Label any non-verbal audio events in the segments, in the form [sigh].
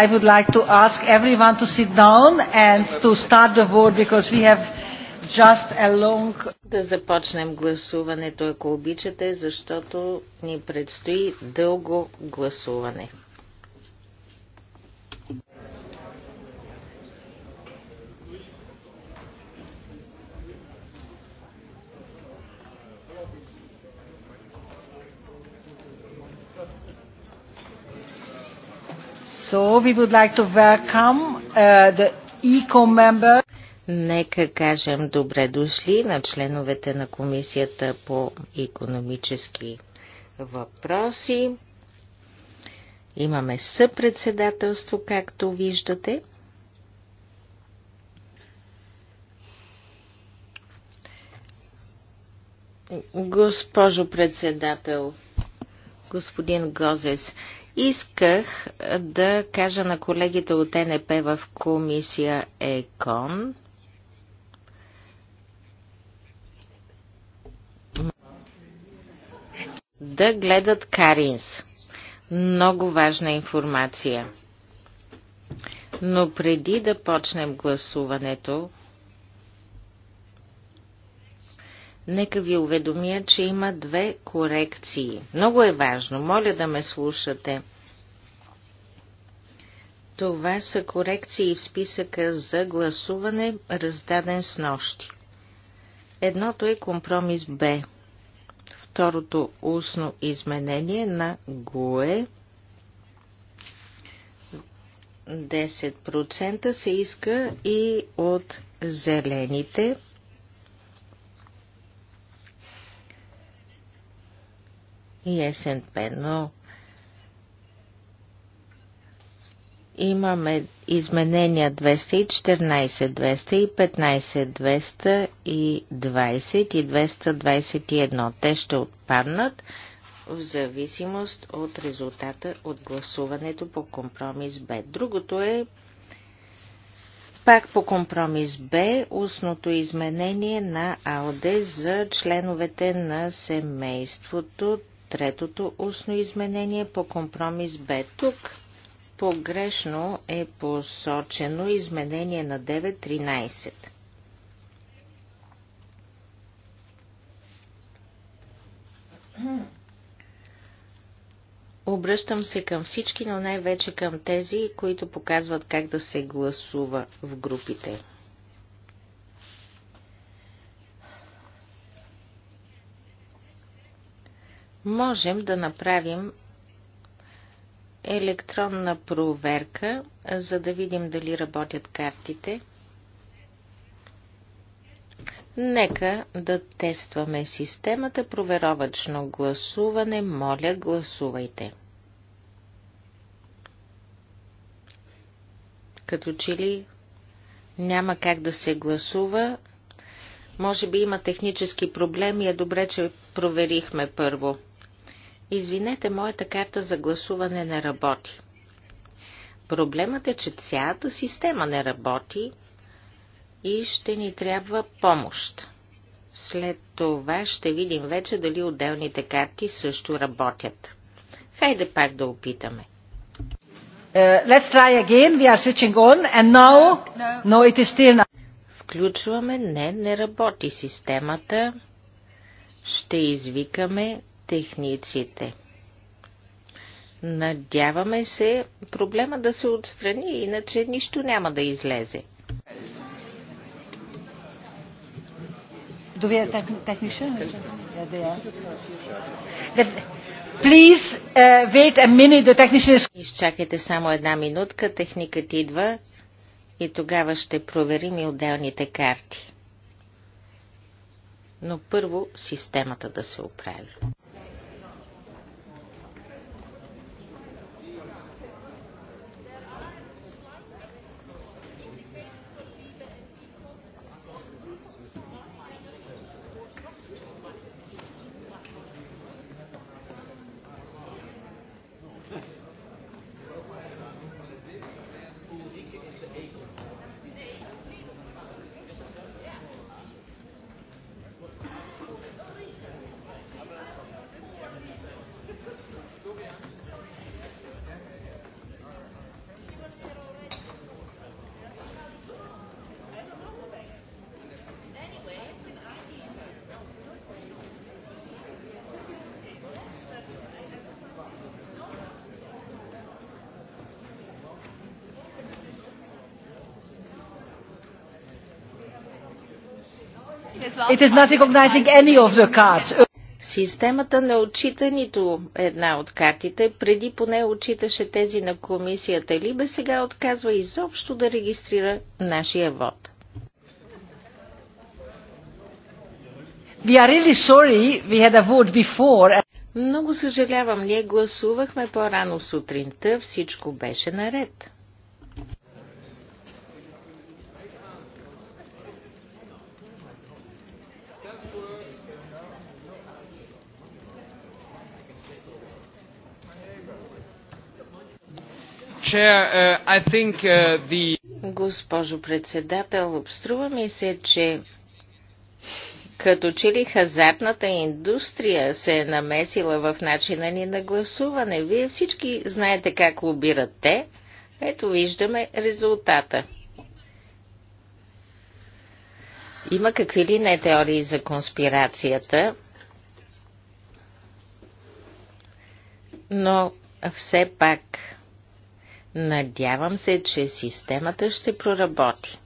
I would like to ask everyone to sit down and to start the vote because we have just a long... Да започнем гласуването, ако обичате, защото ни предстои дълго гласуване. So we would like to welcome uh, the ECO member. Нека кажем добре дошли на членовете на Комисията по економически въпроси. Имаме съпредседателство, както виждате. Госпожо председател, господин Гозес, Исках да кажа на колегите от НП в комисия ЕКОН, да гледат Каринс. Много важна информация. Но преди да почнем гласуването, Нека ви уведомя, че има две корекции. Много е важно. Моля да ме слушате. Това са корекции в списъка за гласуване, раздаден с нощи. Едното е компромис Б. Второто устно изменение на ГУЕ 10% се иска и от зелените и СНП, но имаме изменения 214, 215, 220 и 221. Те ще отпаднат в зависимост от резултата от гласуването по компромис Б. Другото е пак по компромис Б устното изменение на АОД за членовете на семейството третото устно изменение по компромис Б. Тук погрешно е посочено изменение на 9.13. Обръщам се към всички, но най-вече към тези, които показват как да се гласува в групите. можем да направим електронна проверка, за да видим дали работят картите. Нека да тестваме системата проверовачно гласуване. Моля, гласувайте. Като че ли няма как да се гласува, може би има технически проблеми, е добре, че проверихме първо. Извинете, моята карта за гласуване не работи. Проблемът е, че цялата система не работи и ще ни трябва помощ. След това ще видим вече дали отделните карти също работят. Хайде пак да опитаме. Uh, let's try again. We are switching on and now no, no it is still not. Включваме. Не, не работи системата. Ще извикаме техниците. Надяваме се проблема да се отстрани, иначе нищо няма да излезе. Please, minute, Изчакайте само една минутка, техникът идва и тогава ще проверим и отделните карти. Но първо системата да се оправи. It is not recognizing any of the cards. Системата не отчита нито е една от картите. Преди поне отчиташе тези на комисията Либе, сега отказва изобщо да регистрира нашия вод. We are really sorry we had a vote before. Много съжалявам, ние гласувахме по-рано сутринта, всичко беше наред. Uh, uh, Госпожо председател, обструва ми се, че като че ли хазартната индустрия се е намесила в начина ни на гласуване. Вие всички знаете как лобират те. Ето виждаме резултата. Има какви ли не теории за конспирацията, но все пак Надявам се, че системата ще проработи.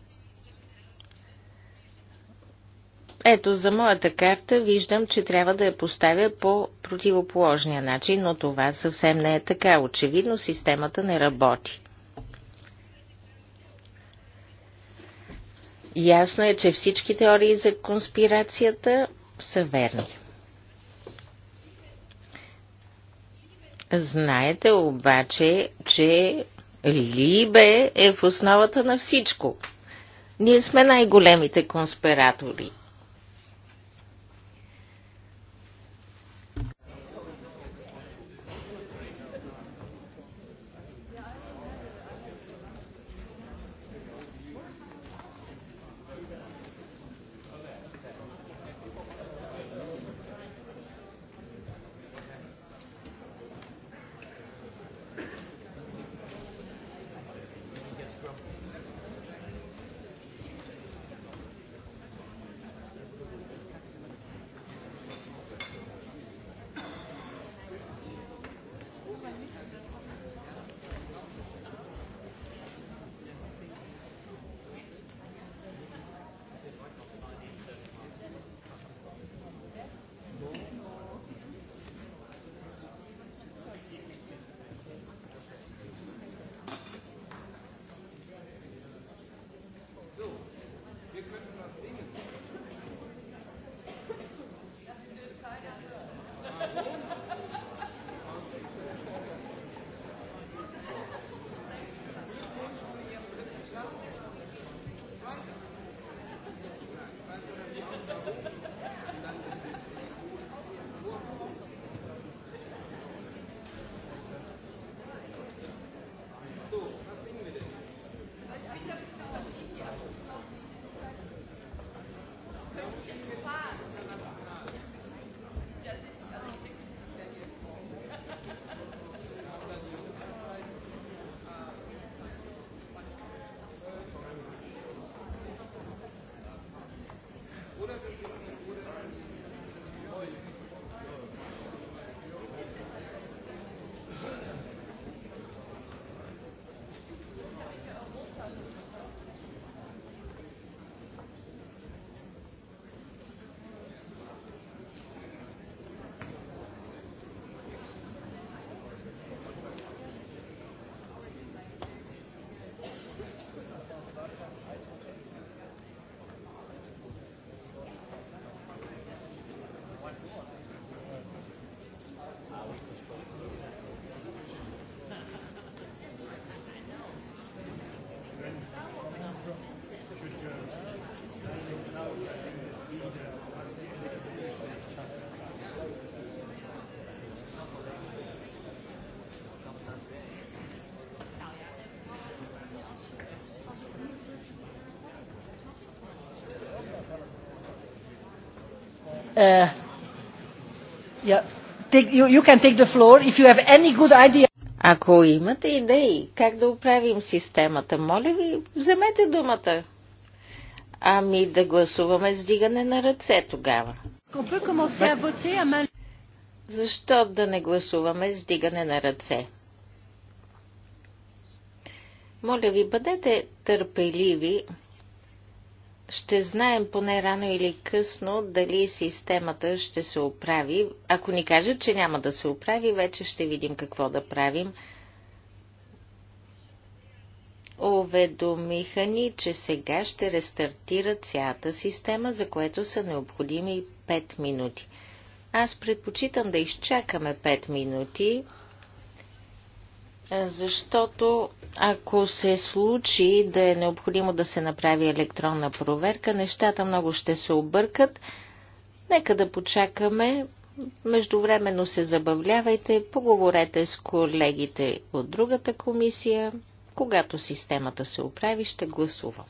Ето, за моята карта виждам, че трябва да я поставя по противоположния начин, но това съвсем не е така. Очевидно, системата не работи. Ясно е, че всички теории за конспирацията са верни. Знаете обаче, че Либе е в основата на всичко. Ние сме най-големите конспиратори Uh, Ако имате идеи как да оправим системата, моля ви, вземете думата. Ами да гласуваме с дигане на ръце тогава. Защо да не гласуваме с дигане на ръце? Моля ви, бъдете търпеливи ще знаем поне рано или късно дали системата ще се оправи. Ако ни кажат, че няма да се оправи, вече ще видим какво да правим. Уведомиха ни, че сега ще рестартира цялата система, за което са необходими 5 минути. Аз предпочитам да изчакаме 5 минути, защото ако се случи да е необходимо да се направи електронна проверка, нещата много ще се объркат. Нека да почакаме. Междувременно се забавлявайте, поговорете с колегите от другата комисия. Когато системата се оправи, ще гласуваме.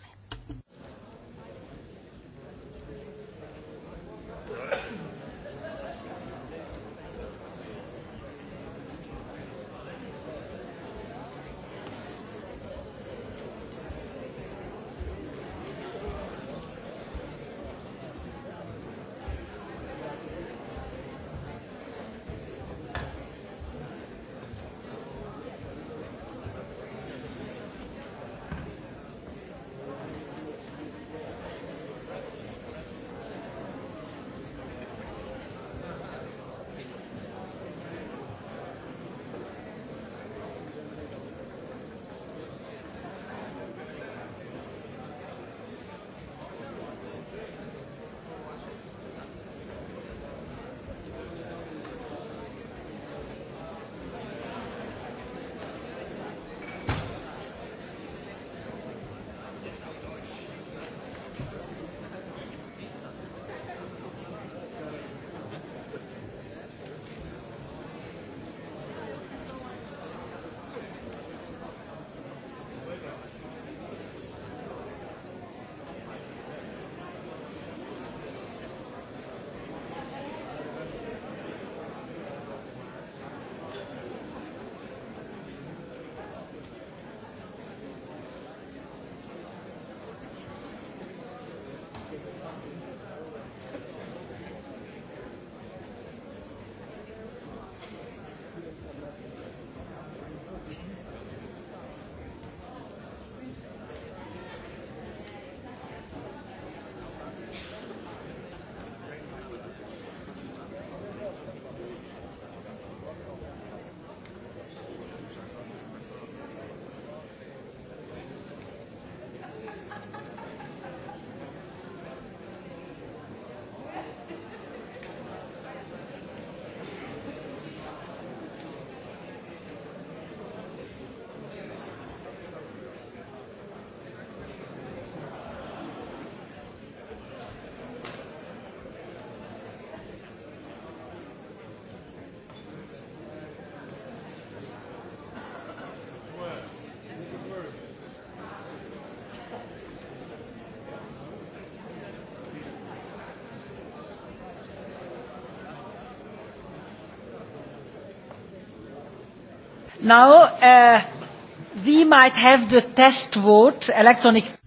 Uh,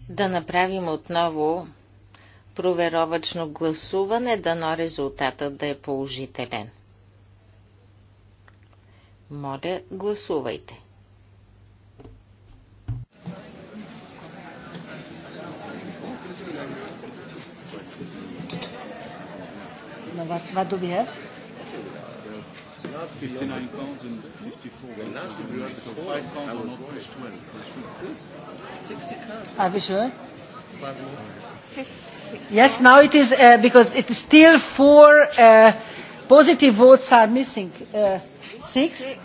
да направим отново проверовачно гласуване, дано резултатът да е положителен. Моля, гласувайте. What, what do we have? 59 pounds and 54. And last we were so 5 pounds or not plus 12. Good. 60 pounds. Are we sure? Yes, now it is uh, because it is still four uh, positive votes are missing. Uh, six?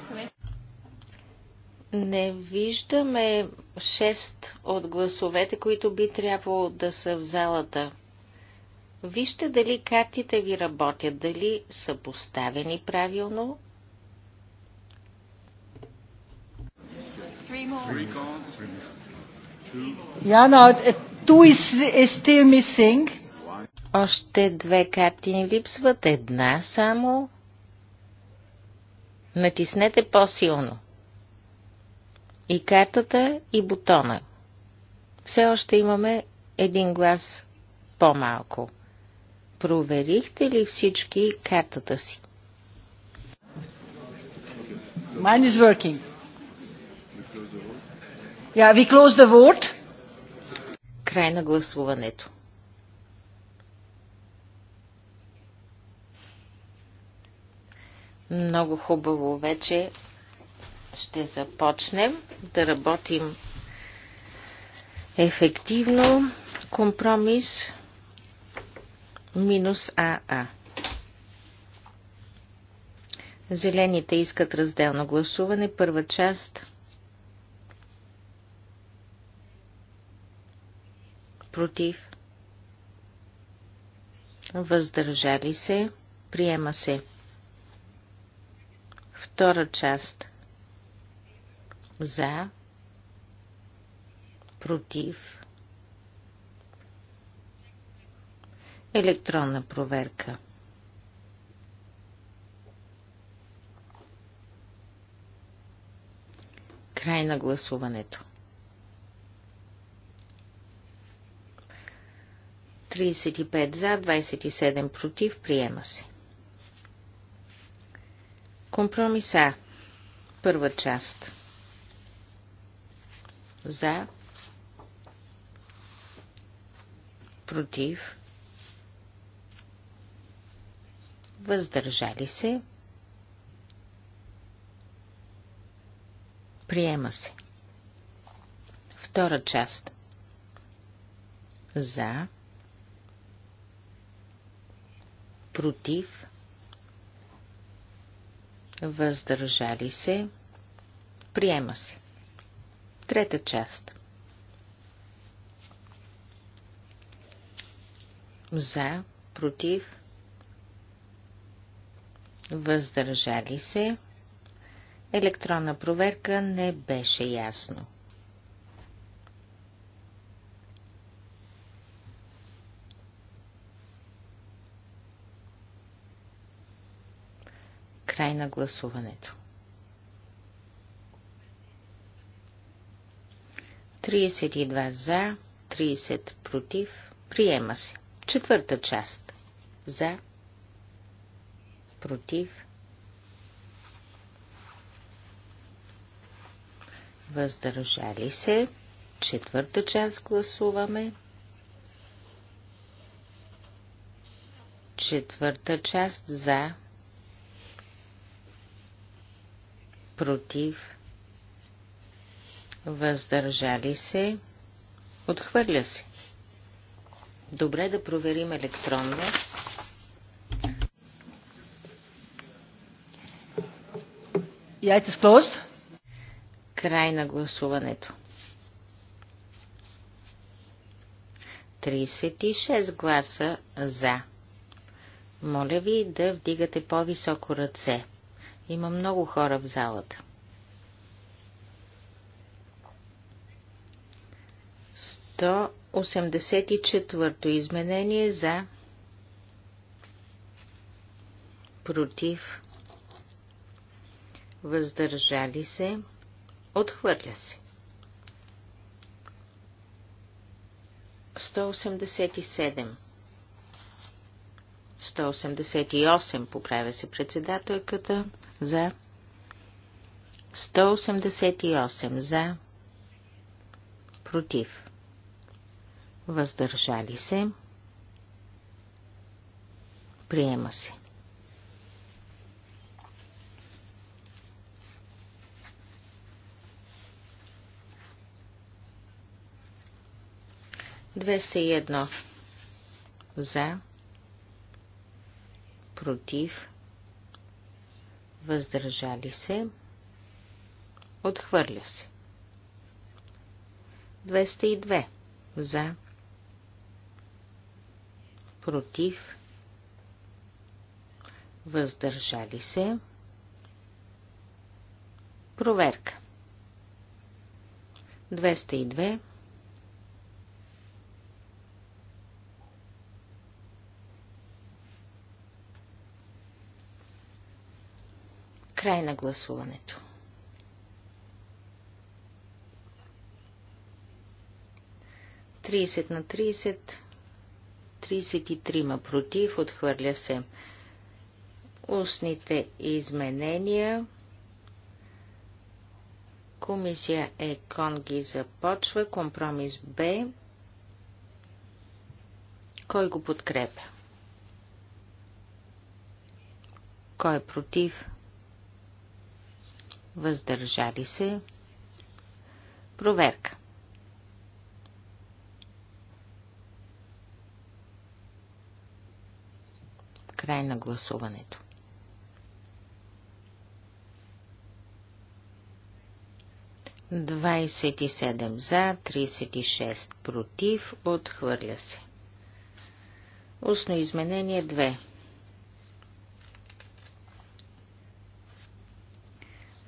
Не виждаме 6 от гласовете, които би трябвало да са в залата. Вижте дали картите ви работят, дали са поставени правилно Three more. Three cards. Two. Yeah, no, two is, is still missing. Още две карти ни липсват. Една само. Натиснете по-силно. И картата, и бутона. Все още имаме един глас по-малко. Проверихте ли всички картата си? Mine is working. Yeah, we close the vote. Край на гласуването. Много хубаво вече ще започнем да работим ефективно. Компромис минус АА. Зелените искат разделно гласуване. Първа част против, въздържали се, приема се. Втора част за, против, електронна проверка. Край на гласуването. 35 за, 27 против, приема се. Компромиса. Първа част. За. Против. Въздържали се. Приема се. Втора част. За. против, въздържали се, приема се. Трета част. За, против, въздържали се. Електронна проверка не беше ясно. Край на гласуването. 32 за, 30 против. Приема се. Четвърта част. За. Против. Въздържали се. Четвърта част гласуваме. Четвърта част за. против, въздържали се, отхвърля се. Добре да проверим електронно. Яйце с клост. Край на гласуването. 36 гласа за. Моля ви да вдигате по-високо ръце. Има много хора в залата. 184-то изменение за против въздържали се отхвърля се 187 188 поправя се председателката за 188 за против въздържали се приема се Двеста и едно за против въздържали се, отхвърля се. 202 за, против, въздържали се, проверка. 202 Край на гласуването. Тридесет на тридесет. 33 против, отхвърля се. Устните изменения. Комисия ЕКОН ги започва. Компромис Б. Кой го подкрепя? Кой е против? въздържали се. Проверка. Край на гласуването. Двадесет и седем за, тридесет и шест против, отхвърля се. Устно изменение 2.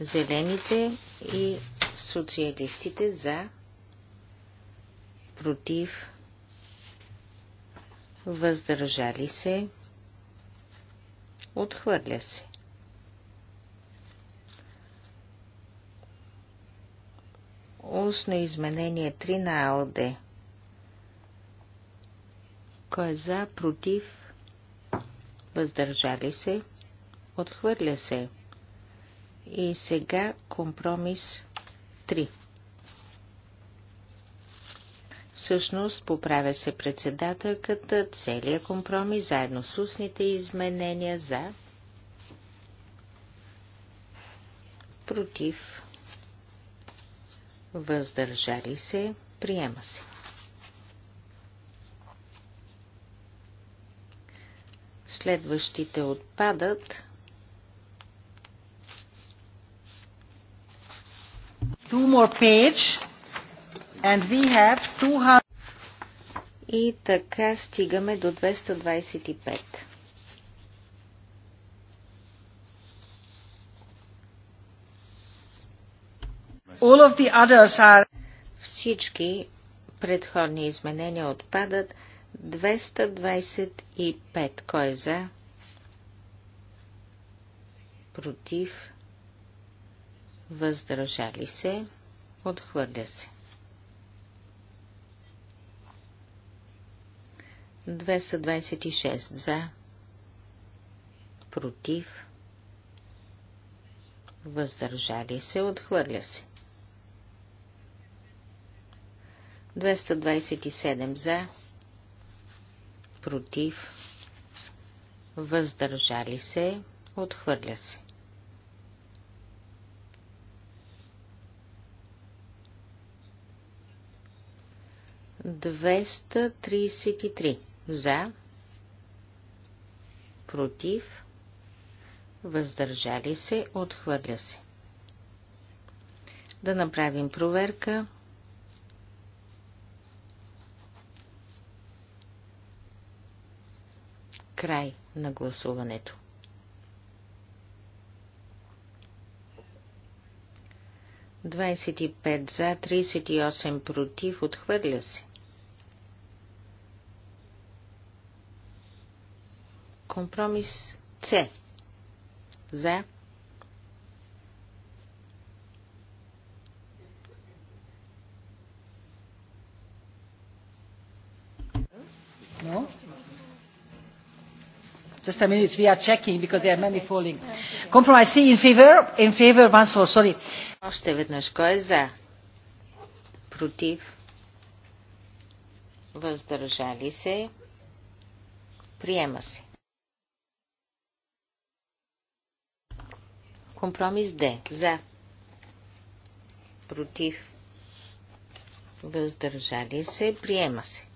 зелените и социалистите за против въздържали се отхвърля се устно изменение 3 на АЛДЕ кой е за, против въздържали се отхвърля се и сега компромис 3. Всъщност поправя се председателката, целият компромис, заедно с устните изменения за против въздържали се, приема се. Следващите отпадат, Two more page and we have 200... И така стигаме до 225. All of the others are... Всички предходни изменения отпадат. 225. Кой е за? Против? въздържали се, отхвърля се. 226 за, против, въздържали се, отхвърля се. 227 за, против, въздържали се, отхвърля се. 233 за, против, въздържали се, отхвърля се. Да направим проверка. Край на гласуването. Двадесет и пет за, тридесет и осем против, отхвърля се. Компромис С. За. No? Just a minute, we are checking because there are many falling. Compromise C in favor, in favor, once for, sorry. Още веднъж, кой е за? Против? Въздържали се? Приема се. Компромис Д. За. Против. Въздържали се. Приема се.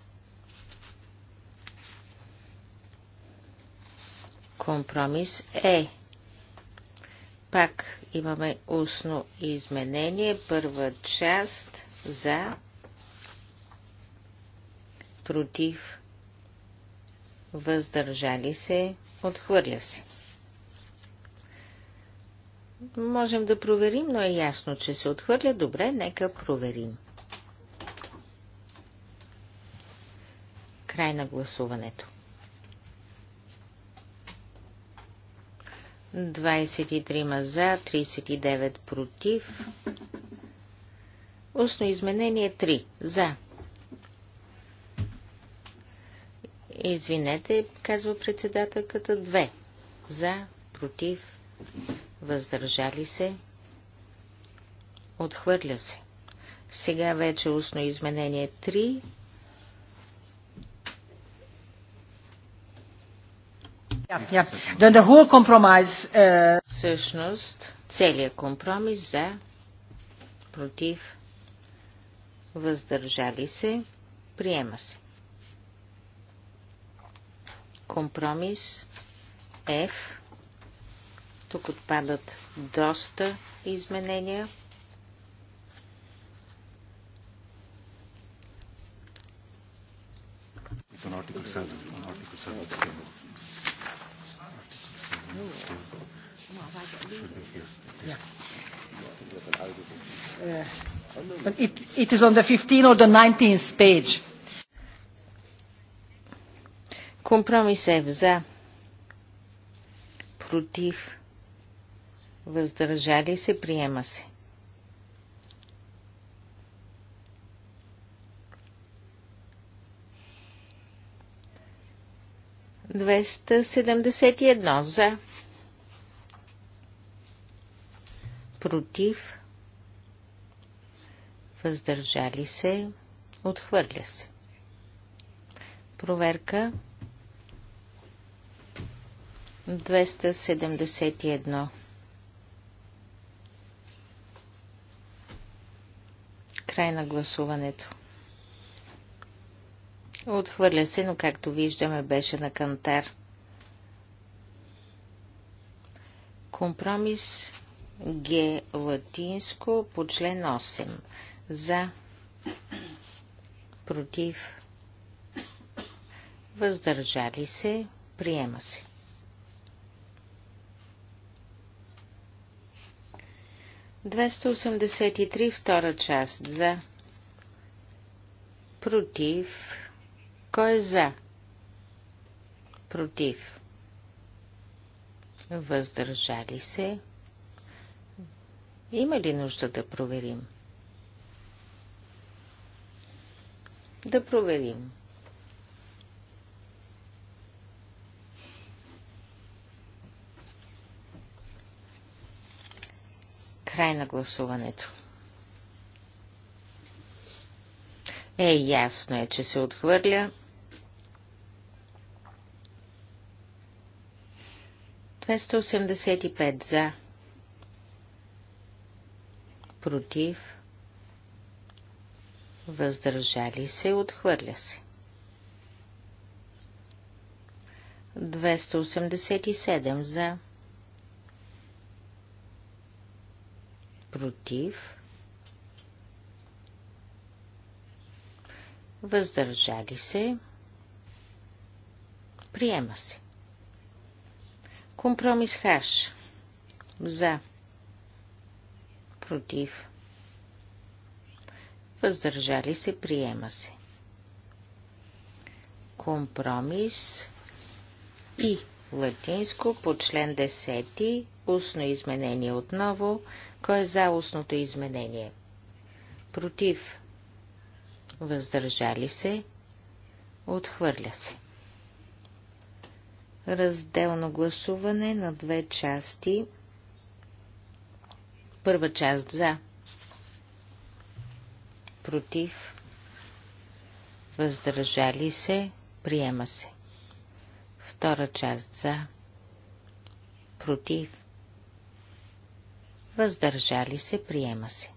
Компромис Е. Пак имаме устно изменение. Първа част за против въздържали се, отхвърля се. Можем да проверим, но е ясно, че се отхвърля. Добре, нека проверим. Край на гласуването. 23 за, 39 против. Устно изменение 3 за. Извинете, казва председателката 2 за, против въздържали се, отхвърля се. Сега вече устно изменение 3. Yeah, yeah. Compromise, uh... Всъщност, целият компромис за, против, въздържали се, приема се. Компромис F тук отпадат доста изменения. It's on Article 7. On Article 7. Should be here. Yeah. Uh, it, it is on the 15 or the 19th page. Компромис е за. Против въздържали се, приема се. Двеста седемдесет и едно за. Против. Въздържали се. Отхвърля се. Проверка. 271. Край на гласуването. Отхвърля се, но както виждаме беше на кантар. Компромис Г латинско по член 8. За. Против. Въздържали се. Приема се. 283 втора част за. Против. Кой е за? Против. Въздържали се. Има ли нужда да проверим? Да проверим. Край на гласуването. Е, ясно е, че се отхвърля. 285 за. Против. Въздържали се, отхвърля се. 287 за. против, въздържали се, приема се. Компромис хаш. За. Против. Въздържали се, приема се. Компромис и латинско по член 10, устно изменение отново. Кой е за устното изменение? Против. Въздържали се. Отхвърля се. Разделно гласуване на две части. Първа част за. Против. Въздържали се. Приема се. Втора част за. Против. Въздържали се, приема се.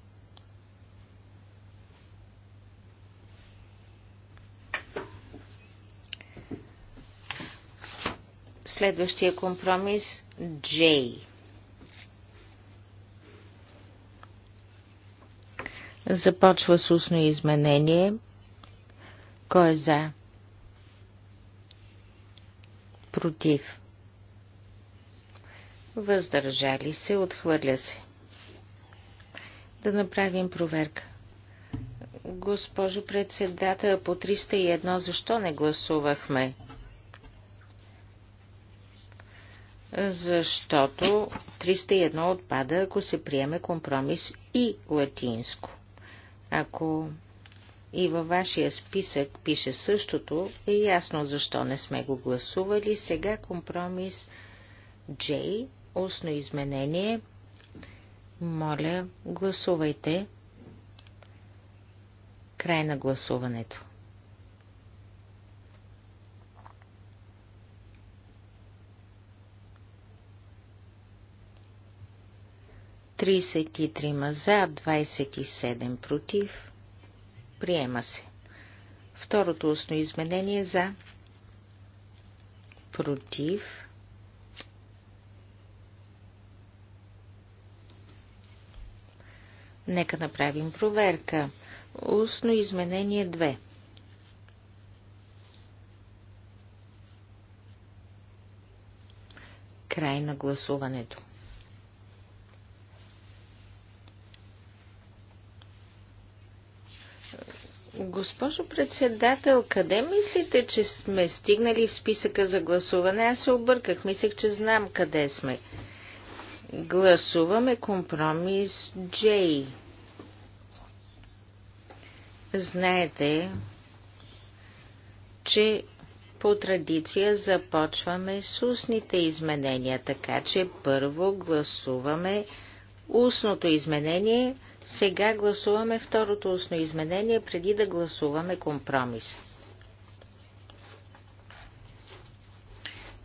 Следващия компромис J. Започва с устно изменение. Кой е за? против. Въздържали се, отхвърля се. Да направим проверка. Госпожо председател, по 301 защо не гласувахме? Защото 301 отпада, ако се приеме компромис и латинско. Ако и във вашия списък пише същото, е ясно защо не сме го гласували. Сега компромис J, устно изменение. Моля, гласувайте. Край на гласуването. Тридесет и трима за, двадесет и седем против. Приема се. Второто устно изменение за против. Нека направим проверка. Устно изменение 2. Край на гласуването. Госпожо председател, къде мислите, че сме стигнали в списъка за гласуване? Аз се обърках. Мислех, че знам къде сме. Гласуваме компромис J. Знаете, че по традиция започваме с устните изменения, така че първо гласуваме устното изменение – сега гласуваме второто устно изменение, преди да гласуваме компромис.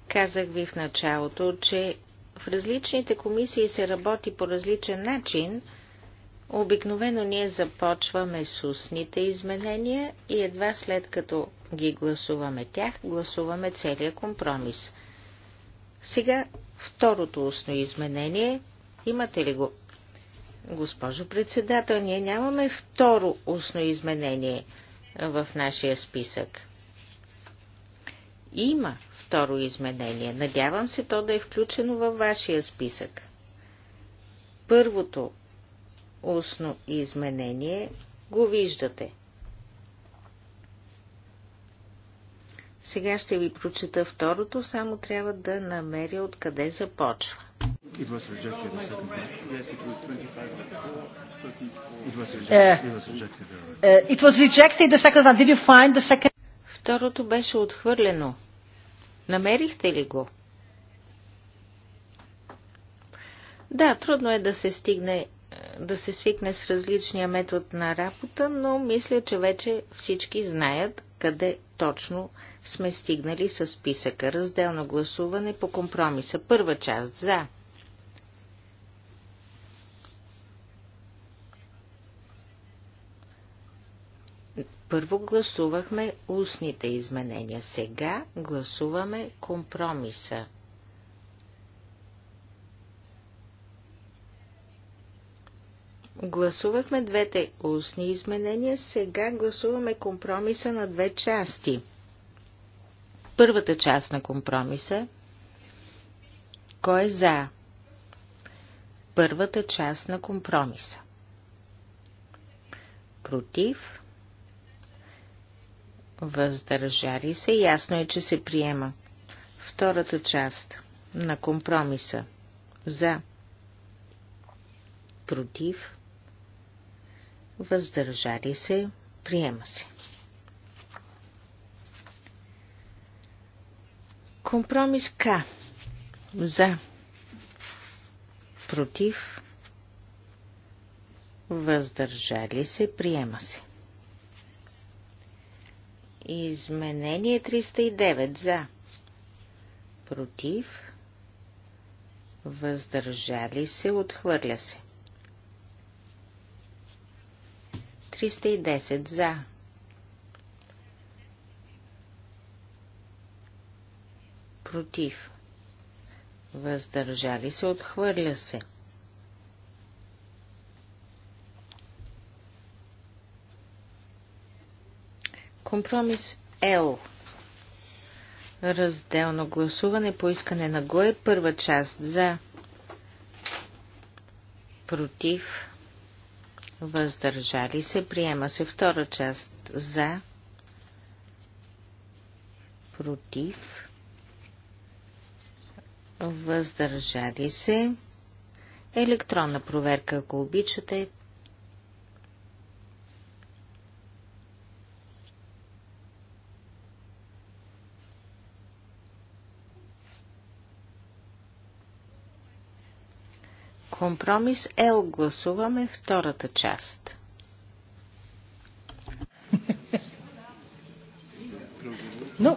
Казах ви в началото, че в различните комисии се работи по различен начин. Обикновено ние започваме с устните изменения и едва след като ги гласуваме тях, гласуваме целият компромис. Сега второто устно изменение. Имате ли го? Госпожо председател, ние нямаме второ устно изменение в нашия списък. Има второ изменение. Надявам се то да е включено във вашия списък. Първото устно изменение го виждате. Сега ще ви прочета второто, само трябва да намеря откъде започва. It was rejected. The second one. Yes, it was 25 34. It was rejected. Uh, it was rejected. Uh, uh it was rejected. The second one. Did you find the second? Второто беше отхвърлено. Намерихте ли го? Да, трудно е да се стигне е, да се свикне с различния метод на работа, но мисля, че вече всички знаят къде точно сме стигнали с списъка. Разделно гласуване по компромиса. Първа част за. Първо гласувахме устните изменения, сега гласуваме компромиса. Гласувахме двете устни изменения, сега гласуваме компромиса на две части. Първата част на компромиса. Кой е за? Първата част на компромиса. Против? въздържали се. Ясно е, че се приема. Втората част на компромиса. За. Против. Въздържали се. Приема се. Компромис К. За. Против. Въздържали се. Приема се. Изменение 309 за. Против. Въздържали се. Отхвърля се. 310 за. Против. Въздържали се. Отхвърля се. 311. Компромис Л. Разделно гласуване по искане на ГОЕ. Първа част за против въздържали се. Приема се втора част за против въздържали се. Електронна проверка, ако обичате. компромис Л гласуваме втората част. No.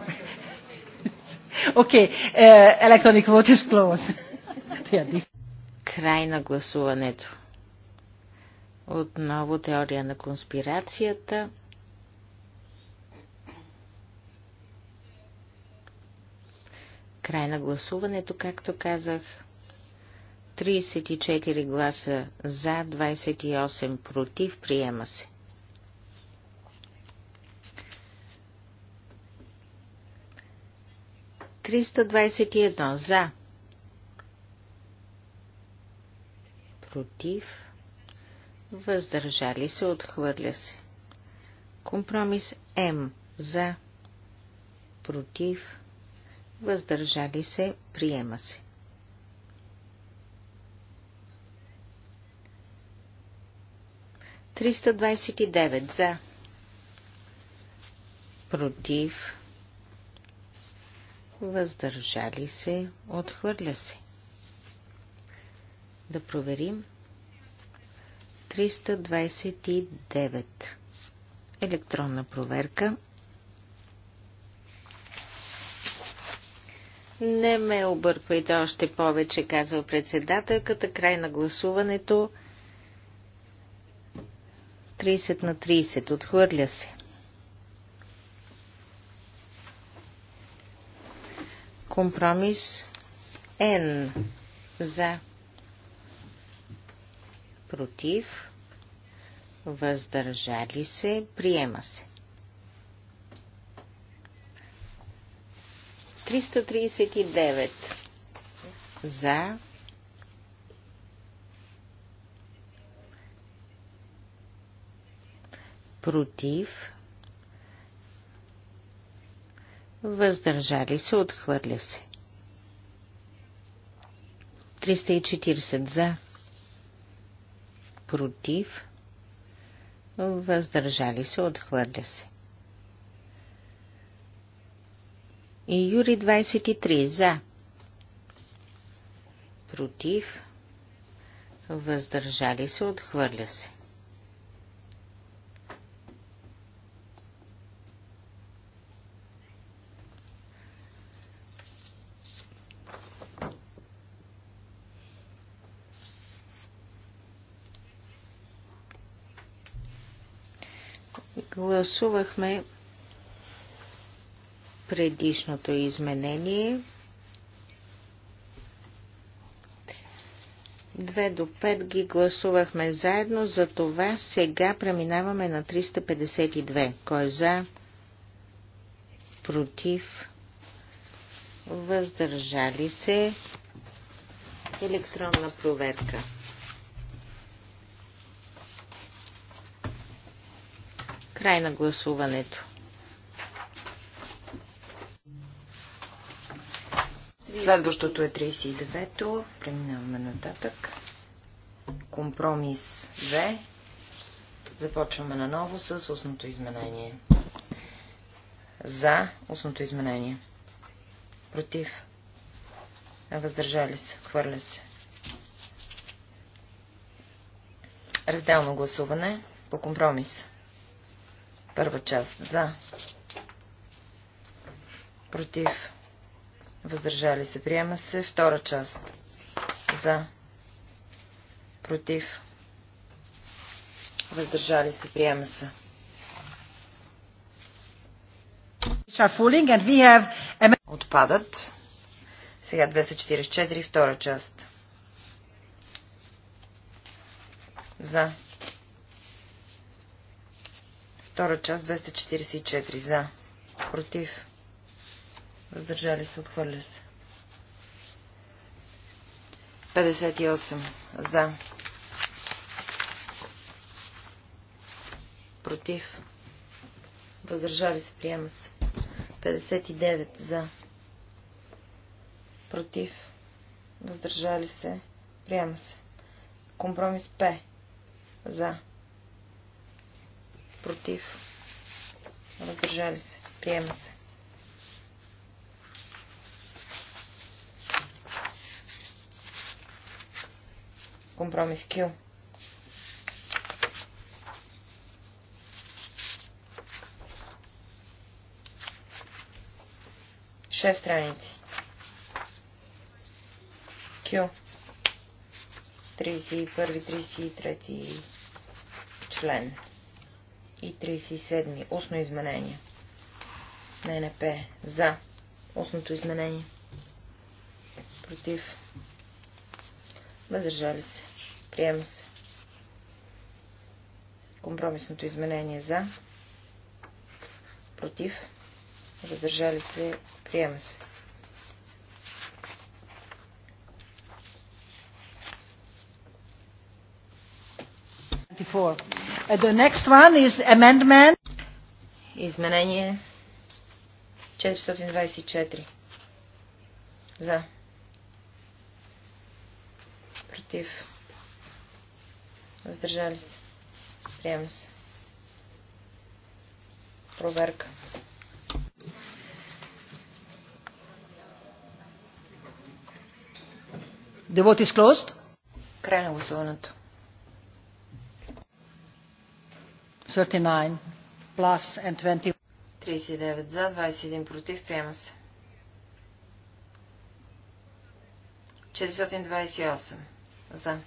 окей, електроник вот vote is [laughs] Край на гласуването. Отново теория на конспирацията. Край на гласуването, както казах. 34 гласа за, 28 против, приема се. Триста за. Против. Въздържали се, отхвърля се. Компромис М за. Против. Въздържали се, приема се. 329 за. Против. Въздържали се. Отхвърля се. Да проверим. 329. Електронна проверка. Не ме обърквайте още повече, казва председателката. Край на гласуването. 30 на 30. Отхвърля се. Компромис Н за против въздържали се, приема се. 339 за против, въздържали се, отхвърля се. 340 за, против, въздържали се, отхвърля се. И Юри 23 за, против, въздържали се, отхвърля се. гласувахме предишното изменение 2 до 5 ги гласувахме заедно, за това сега преминаваме на 352. Кой е за? Против? Въздържали се? Електронна проверка. Край на гласуването. Следващото е 39-то. Преминаваме нататък. Компромис 2. Започваме наново с устното изменение. За устното изменение. Против. Въздържали се. Хвърля се. Разделно гласуване по компромис. Първа част за. Против. Въздържали се. Приема се. Втора част. За. Против. Въздържали се. Приема се. Отпадат. Сега 244, втора част. За. Втора част 244 за. Против. Въздържали се, отхвърля се. 58 за. Против. Въздържали се, приема се. 59 за. Против. Въздържали се. Приема се. Компромис П. За против, въздържали се, приема се. Компромис Кил. Шест страници. Кил. 31-33 член и 37. Устно изменение. На НП. За. Устното изменение. Против. Въздържали се. Приема се. Компромисното изменение за. Против. Въздържали се. Приема се. Before. Uh, the next one is amendment. Изменение 424. За. Против. Въздържали се. Приема се. Проверка. The vote is closed. Край на гласуването. 39 plus and 20. 39 за, 21 против. Приема се. 428 за.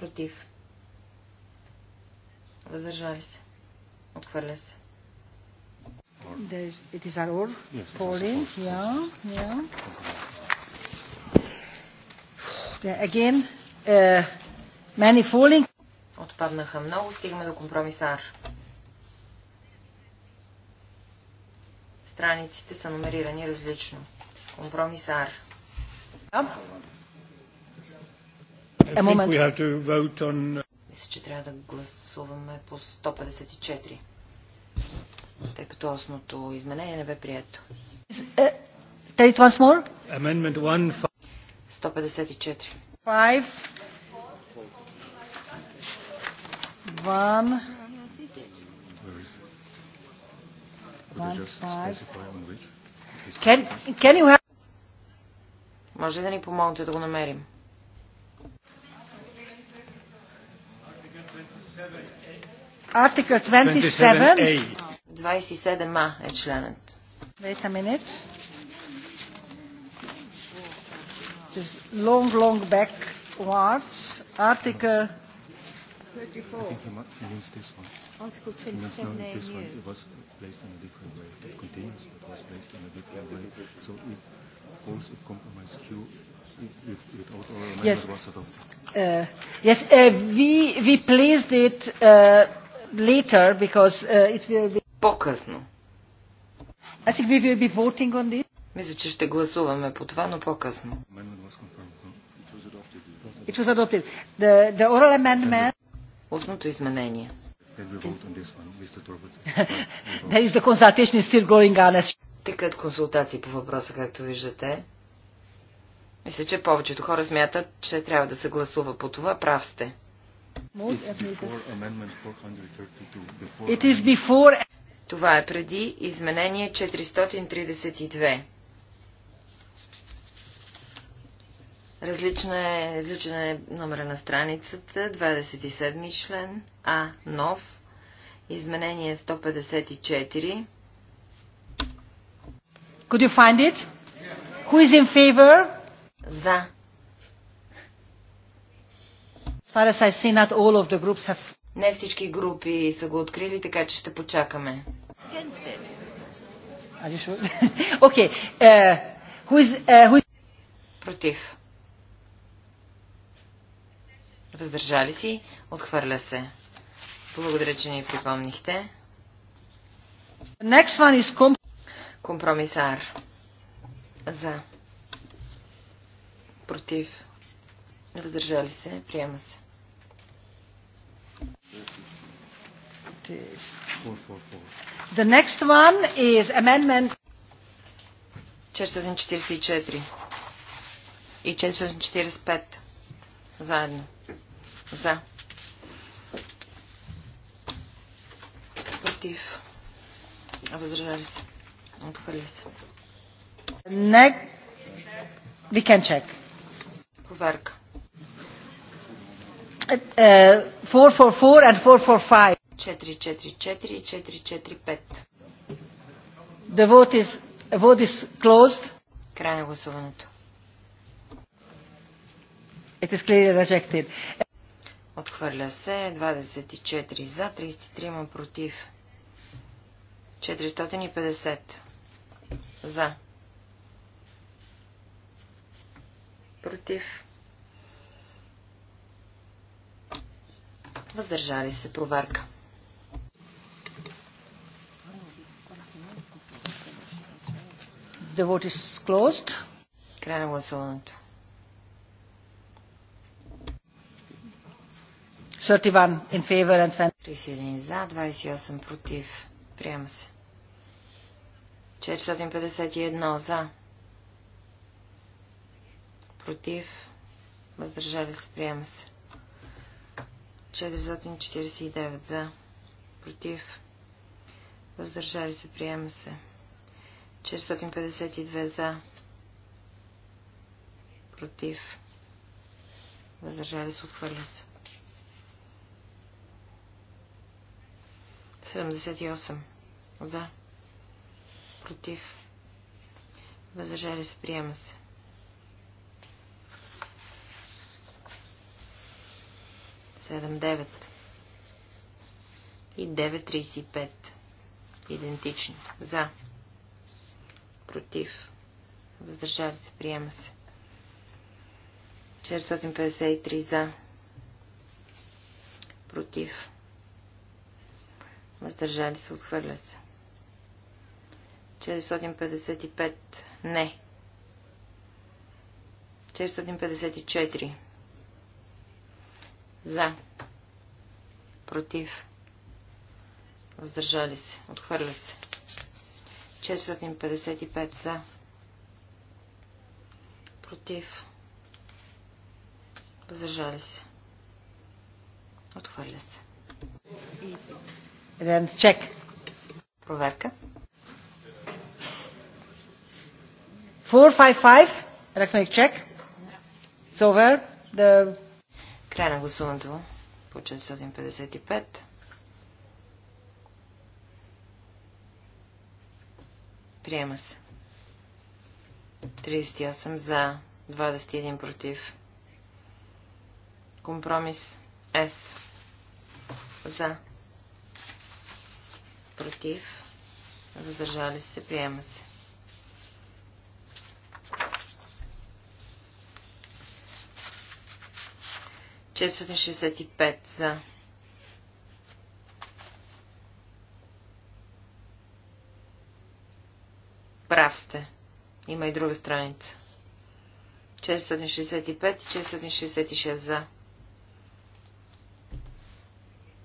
Против. Въздържали се. Отхвърля се. There's, it is an old yes, falling. Yeah, yeah. Again, uh, many falling. Отпаднаха много. Стигаме до компромисар. Страниците са номерирани различно. Компромисар. Е, е, uh, Мисля, че трябва да гласуваме по 154, тъй като осното изменение не бе прието. 154. Е, one. Can, can you have... Може да ни помогнете да го намерим. Article 27. 27а е членът. Wait a minute. This long, long backwards. Article 34. I think he must he means this one. Article 27 he no, this one. It was placed in a different way. It continues, but it was placed in a different way. So it falls if compromise Q Yes, uh, yes uh, we, we placed it uh, later because uh, it will be... По-късно. I think we will be voting on this. Мисля, че ще гласуваме по това, но по-късно. It was adopted. The, the oral amendment устното изменение. [laughs] Текат консултации по въпроса, както виждате. Мисля, че повечето хора смятат, че трябва да се гласува по това. Прав сте. Това е преди изменение 432. Различна е, различна е номера на страницата, 27 член, А, нов, изменение 154. Could you find it? Who is in favor? За. As far as I see, not all of the groups have... Не всички групи са го открили, така че ще почакаме. Are you sure? [laughs] okay. Uh, who is, uh, who is... Против. Въздържали си? Отхвърля се. Благодаря, че ни припомнихте. Next one is comp... Компромисар. За. Против. Въздържали се. Приема се. The next one is amendment 444 и 445 заедно. За. Против. Въздържали се. Отхвърли се. Не. We can check. Проверка. 444 е, е, and 445. 444 и 445. The vote is, vote is closed. Край на гласуването. It is clearly rejected. Отхвърля се. 24 за, 33 против. 450 за. Против. Въздържали се проверка. The vote is closed. Край на гласуването. 31 in favor and 20. за, 28 против. Приема се. 451 за. Против. Въздържали се. Приема се. 449 за. Против. Въздържали се. Приема се. 452 за. Против. Въздържали се. Отхвърля се. 78. За. Против. Въздържали се. Приема се. Седем девет. И 9.35. Идентични. За. Против. Въздържали се. Приема се. 453 за. Против. Въздържали се. Отхвърля се. 455. Не. 454. За. Против. Въздържали се. Отхвърля се. 455 за. Против. Въздържали се. Отхвърля се. Then чек. Проверка. 455. Electronic check. It's over. The... Край на гласуването по 455. Приема се. 38 за, 21 против. Компромис С. За против, въздържали се, приема се. Честотен 65 за. Прав сте. Има и друга страница. 465 и 466 за.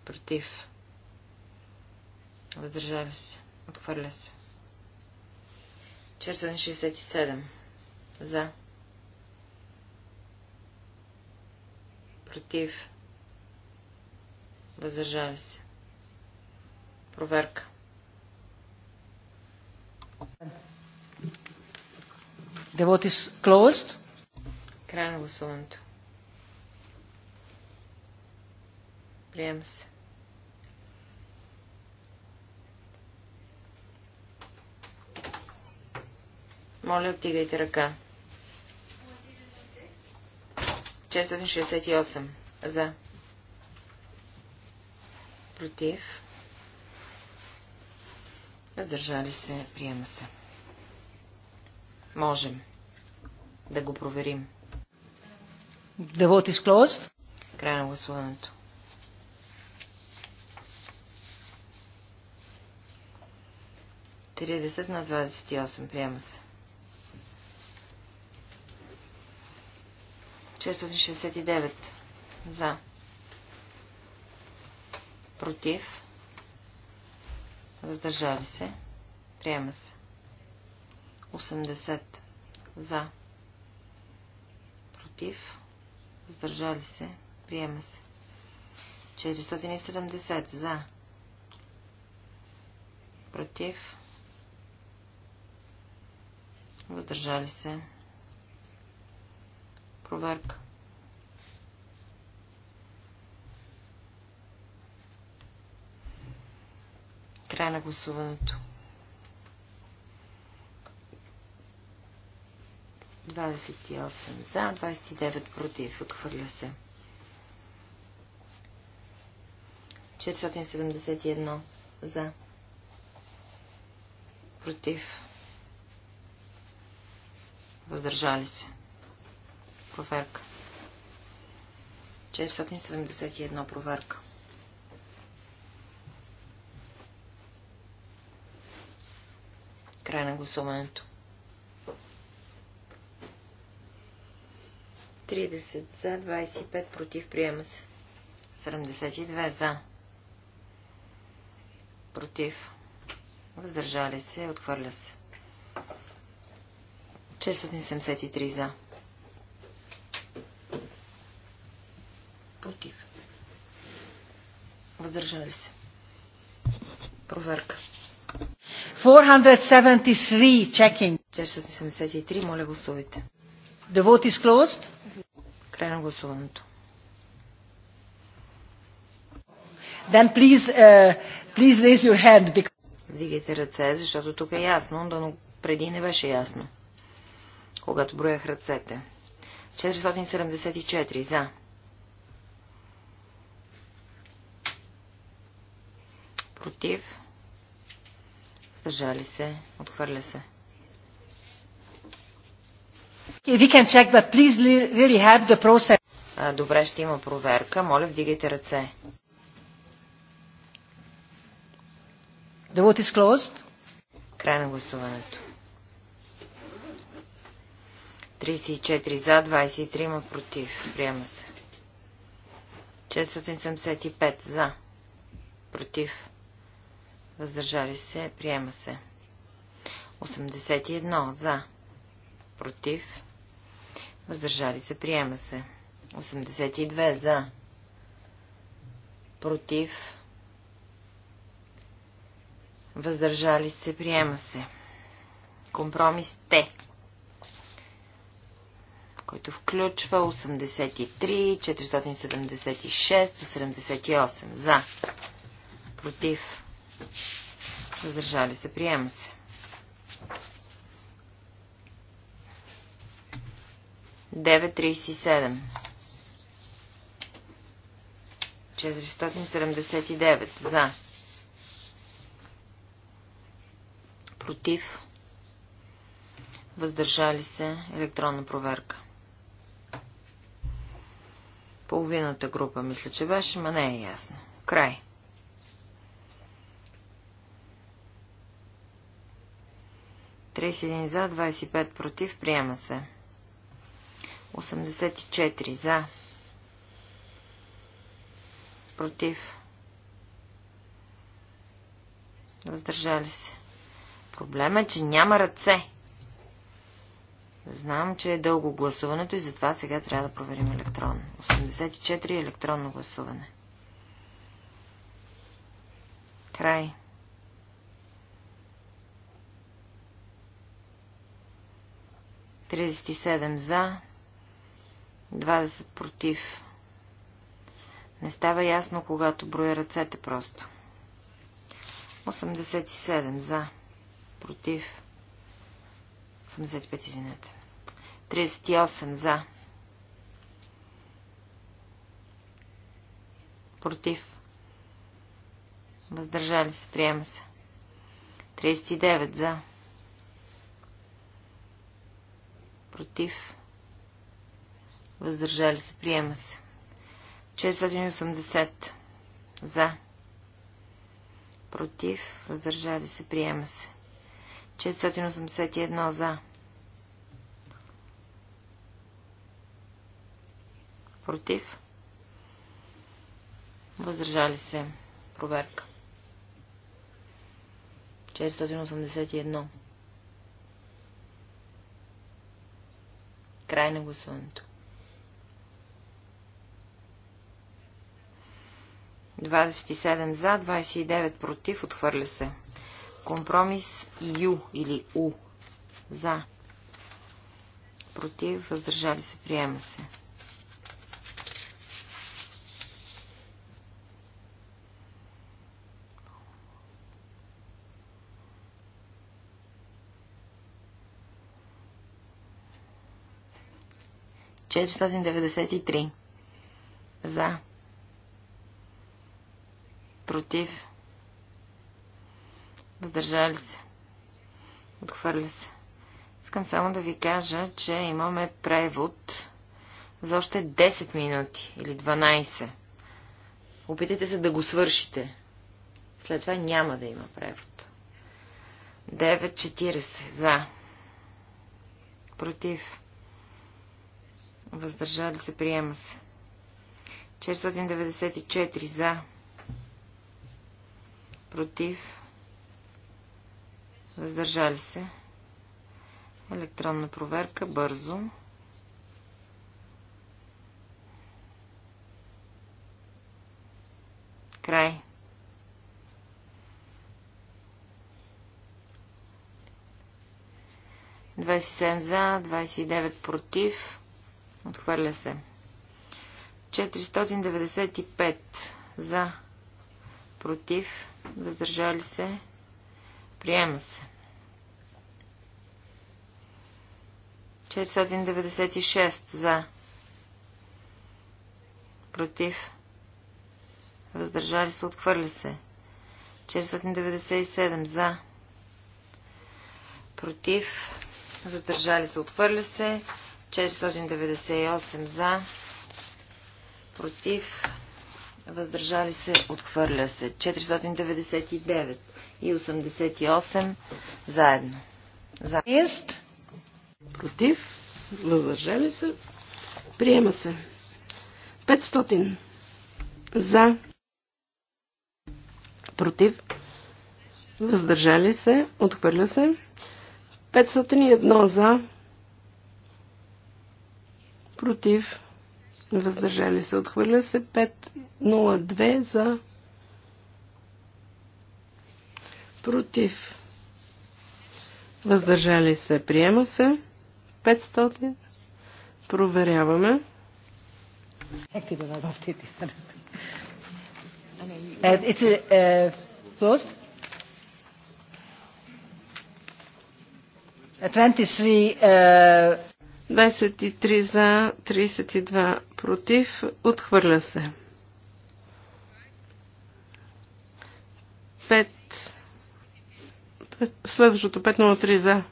Против. Въздържали се. Отхвърля се. 467. За. Против. Въздържали се. Проверка. The vote is closed. Край на гласуването. Приема се. Моля, вдигайте ръка. 668. За. Против. Въздържали се. Приема се. Можем да го проверим. The vote is closed. Край на гласуването. Тридесет на 28. Приема се. 669 за. Против. Въздържали се. Приема се. 80 за. Против. Въздържали се. Приема се. 470 за. Против. Въздържали се. Проверка. Край на гласуването. 28 за, 29 против. Отхвърля се. 471 за. Против. Въздържали се. Проверка. 671 проверка. Край на гласуването. 30 за, 25 против, приема се. 72 за. Против. Въздържали се, отхвърля се. 673 за. Против. Въздържали се. Проверка. 473 checking. 473, моля гласувайте. The vote is closed. Край на гласуването. Then please, uh, please raise your hand. Вдигайте ръце, защото тук е ясно, но преди не беше ясно. Когато броях ръцете. 474 за. против, Съжали се, отхвърля се. We can check, but please really have the process. Добре, ще има проверка. Моля, вдигайте ръце. The vote is closed. Край на гласуването. 34 за, 23 има против. Приема се. 675 за. Против въздържали се, приема се. 81 за, против, въздържали се, приема се. 82 за, против, въздържали се, приема се. Компромис Т, който включва 83, 476 до 78 за, против, Въздържали се. Приема се. 937. 479 за. Против. Въздържали се. Електронна проверка. Половината група мисля, че беше, ма не е ясно. Край. 31 за, 25 против, приема се. 84 за, против, въздържали се. Проблема е, че няма ръце. Знам, че е дълго гласуването и затова сега трябва да проверим електронно. 84 е електронно гласуване. Край. 37 за, 20 против. Не става ясно, когато броя ръцете просто. 87 за, против. 85, извинете. 38 за. Против. Въздържали се, приема се. 39 за. против, въздържали се, приема се. 680 за, против, въздържали се, приема се. 481 за, против, въздържали се, проверка. 481 Край на гласуването. 27 за, 29 против, отхвърля се. Компромис Ю или У. За. Против, въздържали се, приема се. 493. За. Против. Въздържали се. Отхвърля се. Искам само да ви кажа, че имаме превод за още 10 минути или 12. Опитайте се да го свършите. След това няма да има превод. 9.40. За. Против. Въздържали се. Приема се. 494 за. Против. Въздържали се. Електронна проверка. Бързо. Край. Двадесет за, 29 против. Отхвърля се. 495 за, против, въздържали се, приема се. 496 за, против, въздържали се, отхвърля се. 497 за, против, въздържали се, отхвърля се. 498 за, против, въздържали се, отхвърля се. 499 и 88 заедно. За. Ест. Против, въздържали се, приема се. 500 за, против, въздържали се, отхвърля се. 501 за, против, въздържали се, отхвърля се 5-0-2 за против, въздържали се, приема се 500, проверяваме. Чакайте е, е, е, да надавтите. It's a, uh, 23, uh... 23 за, 32 против. Отхвърля се. 5. Следващото 503 за.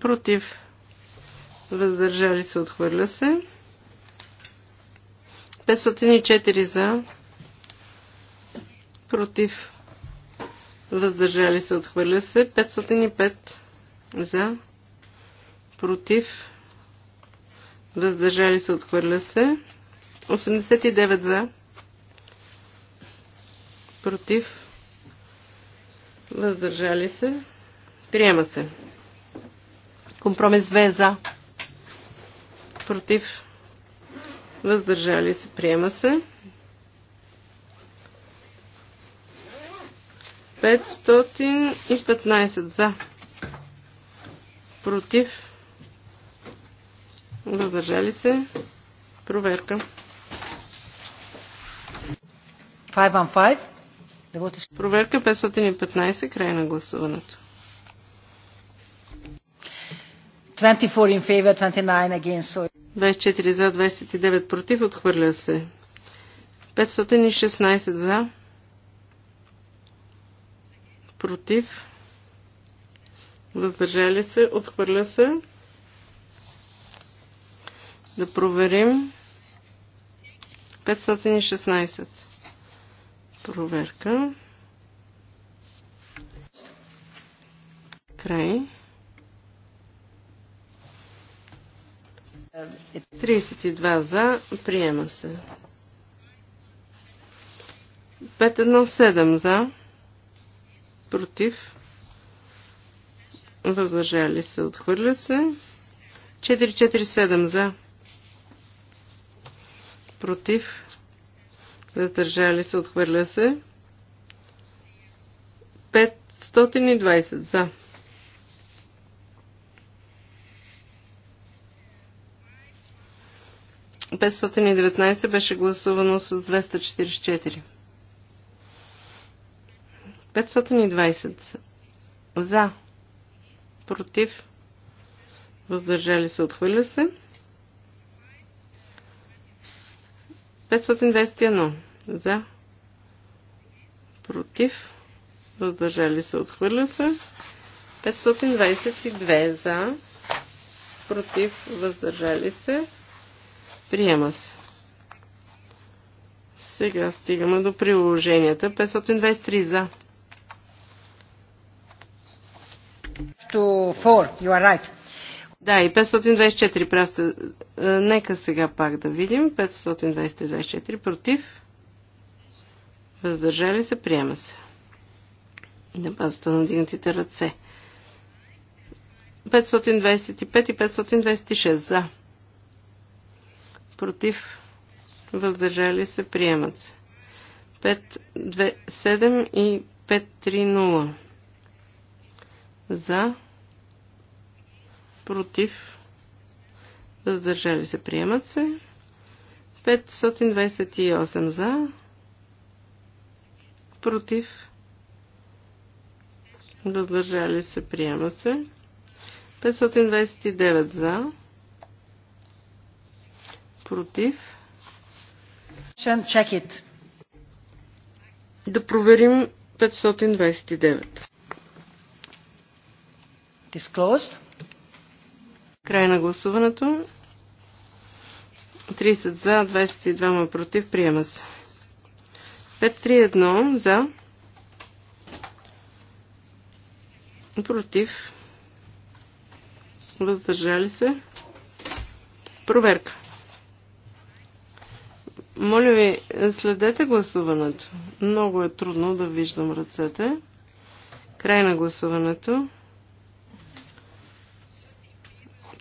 Против. Въздържали се. Отхвърля се. 504 за. Против. Въздържали се. Отхвърля се. 505 за против, въздържали се, отхвърля се. 89 за, против, въздържали се, приема се. Компромис 2 за, против, въздържали се, приема се. 515 за, против, Въздържали се. Проверка. 515. Проверка 515. Край на гласуването. 24 in favor, 29 against. So... 24 за, 29 против. Отхвърля се. 516 за. Против. Въздържали се. Отхвърля се. Да проверим. 516. Проверка. Край. 32 за. Приема се. 517 за. Против. Въздържали се. Отхвърля се. 447 за против, въздържали се, отхвърля се. 520 за. 519 беше гласувано с 244. 520 за. Против. Въздържали се. Отхвърля се. 521 за, против, въздържали се, отхвърля се. 522 за, против, въздържали се, приема се. Сега стигаме до приложенията. 523 за. To 4, you are right. Да, и 524 прав сте. Нека сега пак да видим. 524 против. Въздържали се, приема се. На базата на дигнатите ръце. 525 и 526 за. Против. Въздържали се, приемат се. 527 и 530 за против, въздържали се, приемат се. 528 за, против, въздържали се, приема се. 529 за, против. Check it. Да проверим 529. Disclosed. Край на гласуването. 30 за, 22 ма против. Приема се. 531 за. Против. Въздържали се. Проверка. Моля ви, следете гласуването. Много е трудно да виждам ръцете. Край на гласуването.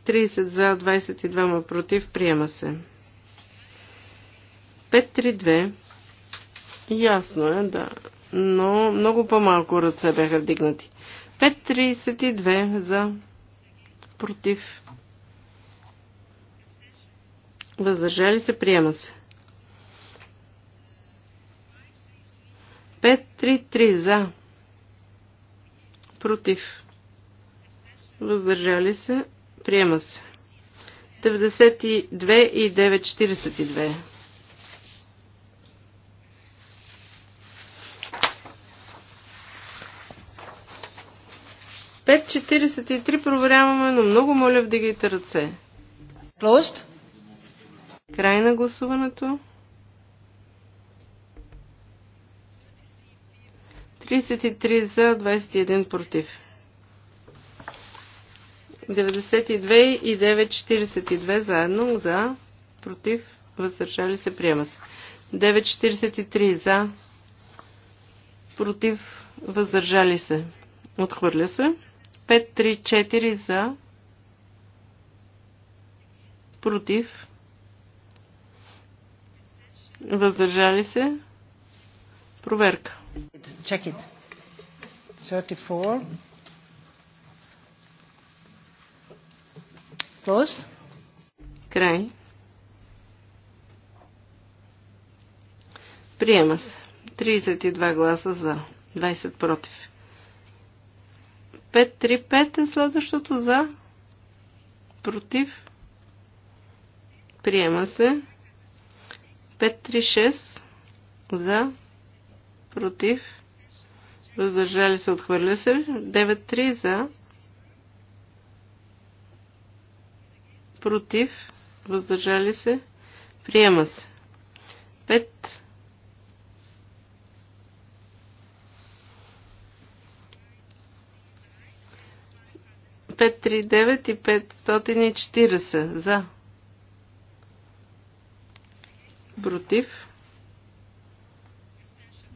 30 за, 22 против, приема се. 5-3-2. Ясно е, да. Но много по-малко ръце бяха вдигнати. 5-32 за, против. Въздържали се, приема се. 5-3-3 за, против. Въздържали се, Приема се. 92 и 942. 5.43, проверяваме, но много моля вдигайте ръце. Closed. Край на гласуването. 33 за, 21 против. 92 и 942 заедно за, против, въздържали се, приема се. 943 за, против, въздържали се, отхвърля се. 534 за, против, въздържали се, проверка. Check it. 34. Пост. Край. Приема се. 32 гласа за. 20 против. 5-3-5 е следващото за. Против. Приема се. 5-3-6 за. Против. Въздържали се, отхвърля се. 9-3 за. против, въздържали се, приема се. 5. Пет, три, девет и петстотин и четиридесет. За. Против.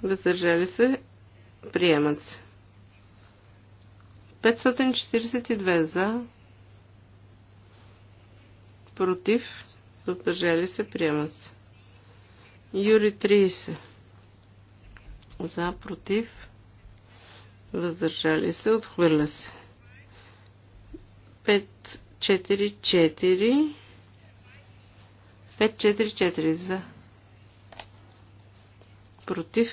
Въздържали се. Приемат се. 542 за против, въздържали се, приемат се. Юри 30. За, против, въздържали се, отхвърля се. 5-4-4. 5-4-4 за. Против.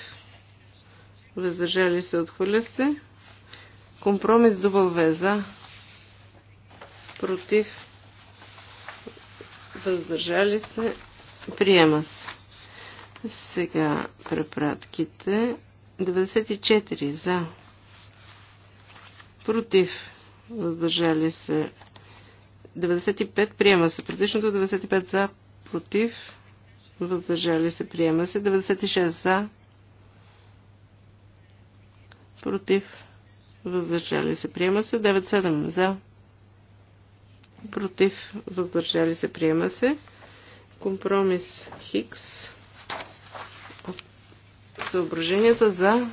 Въздържали се, отхвърля се. Компромис дубъл В за. Против въздържали се, приема се. Сега препратките. 94 за, против, въздържали се, 95 приема се. Предишното 95 за, против, въздържали се, приема се. 96 за, против, въздържали се, приема се. 97 за, против, въздържали се, приема се. Компромис Хикс. Съображенията за,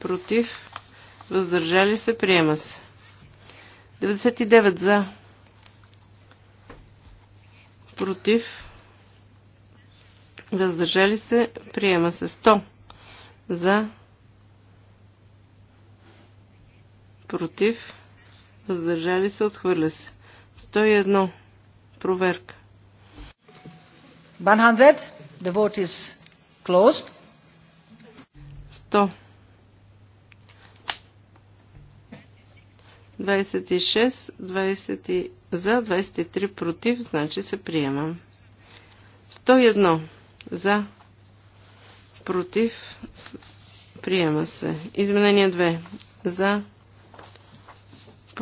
против, въздържали се, приема се. 99 за, против, въздържали се, приема се. 100 за, против, въздържали се, отхвърля се. 101. Проверка. 100. The vote is closed. 100. 26, 20, за, 23 против, значи се приемам. 101 за, против, приема се. Изменение 2 за,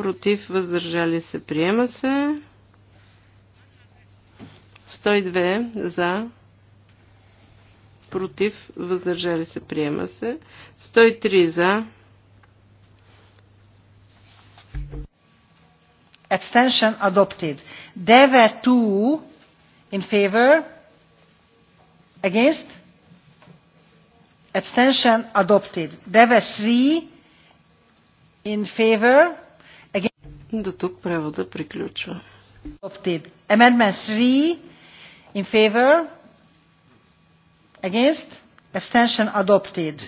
против, въздържали се, приема се. 102 за, против, въздържали се, приема се. 103 за. Abstention adopted. There were two in favor, against, abstention adopted. There were three in favor, до тук превода приключва. Amendment 3 in favor against abstention adopted.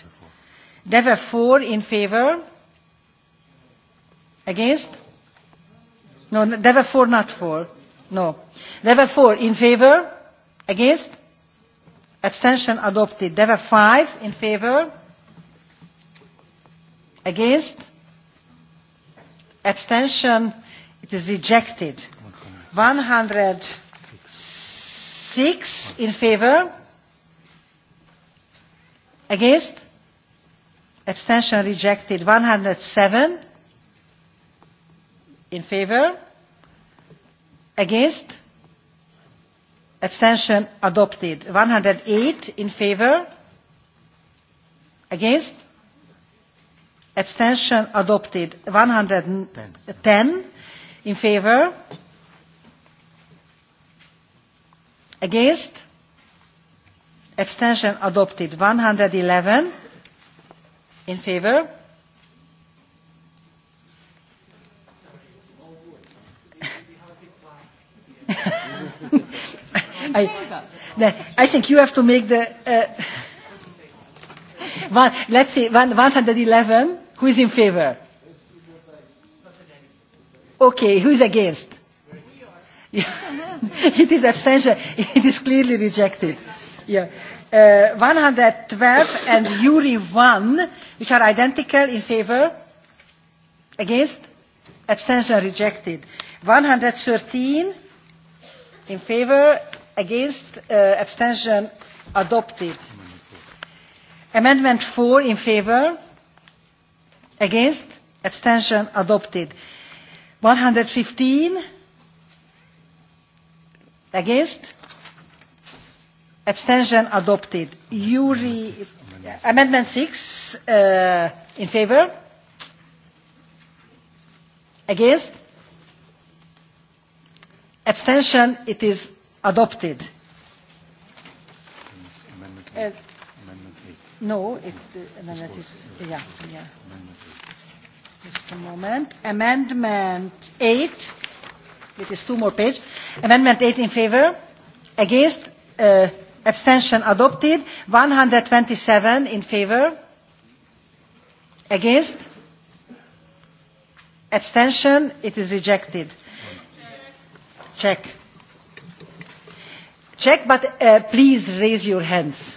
Deva 4 in favor against no Deva 4 not 4 no Deva 4 in favor against abstention adopted. Deva 5 in favor against abstention it is rejected 106 in favor against abstention rejected 107 in favor against abstention adopted 108 in favor against abstention adopted 110 in favor against abstention adopted 111 in favor I, I think you have to make the uh, one, let's see one, 111 Who is in favor? Okay, who is against? it is abstention. It is clearly rejected. Yeah. Uh, 112 and URI 1, which are identical in favor, against, abstention rejected. 113 in favor, against, uh, abstention adopted. Amendment 4 in favor, against abstention adopted One hundred fifteen. against abstention adopted Yuri, amendment six. uh, in favor against abstention it is adopted No, it, uh, then that is, yeah, yeah. Just a moment. Amendment 8. It is two more pages. Amendment 8 in favor. Against. Uh, abstention adopted. 127 in favor. Against. Abstention. It is rejected. Check. Check, but uh, please raise your hands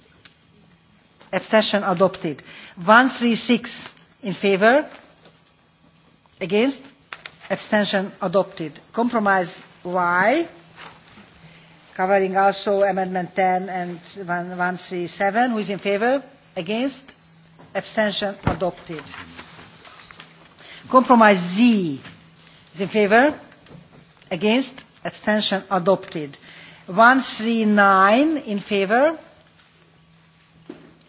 abstention adopted. 136 in favour, against, abstention adopted. Compromise Y, covering also Amendment 10 and 137. Who is in favour? Against? Abstention adopted. Compromise Z is in favour? Against? Abstention adopted. 139 in favour?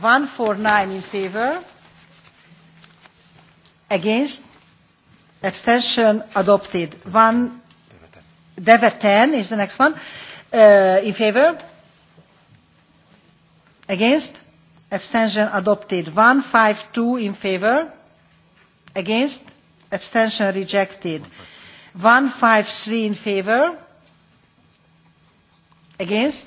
149 in favor. Against. Abstention adopted. One Deva is the next one. Uh, in favor? Against? Abstention adopted. 152 in favor? Against? Abstention rejected. 153 in favor? Against?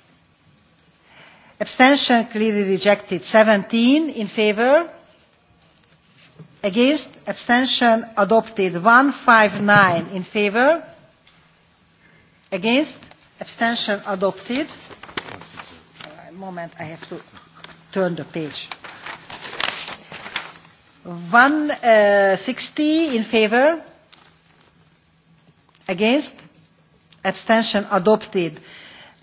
abstention clearly rejected 17 in favor against abstention adopted 159 in favor against abstention adopted a moment i have to turn the page 160 in favor against abstention adopted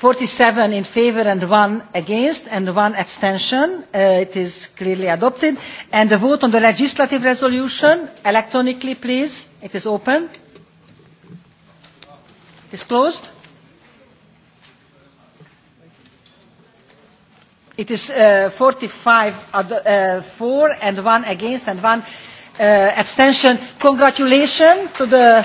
47 in favour and one against and one abstention. Uh, it is clearly adopted. And the vote on the legislative resolution, electronically please. It is open. It is closed. It is uh, 45 uh, for and one against and one uh, abstention. Congratulations to the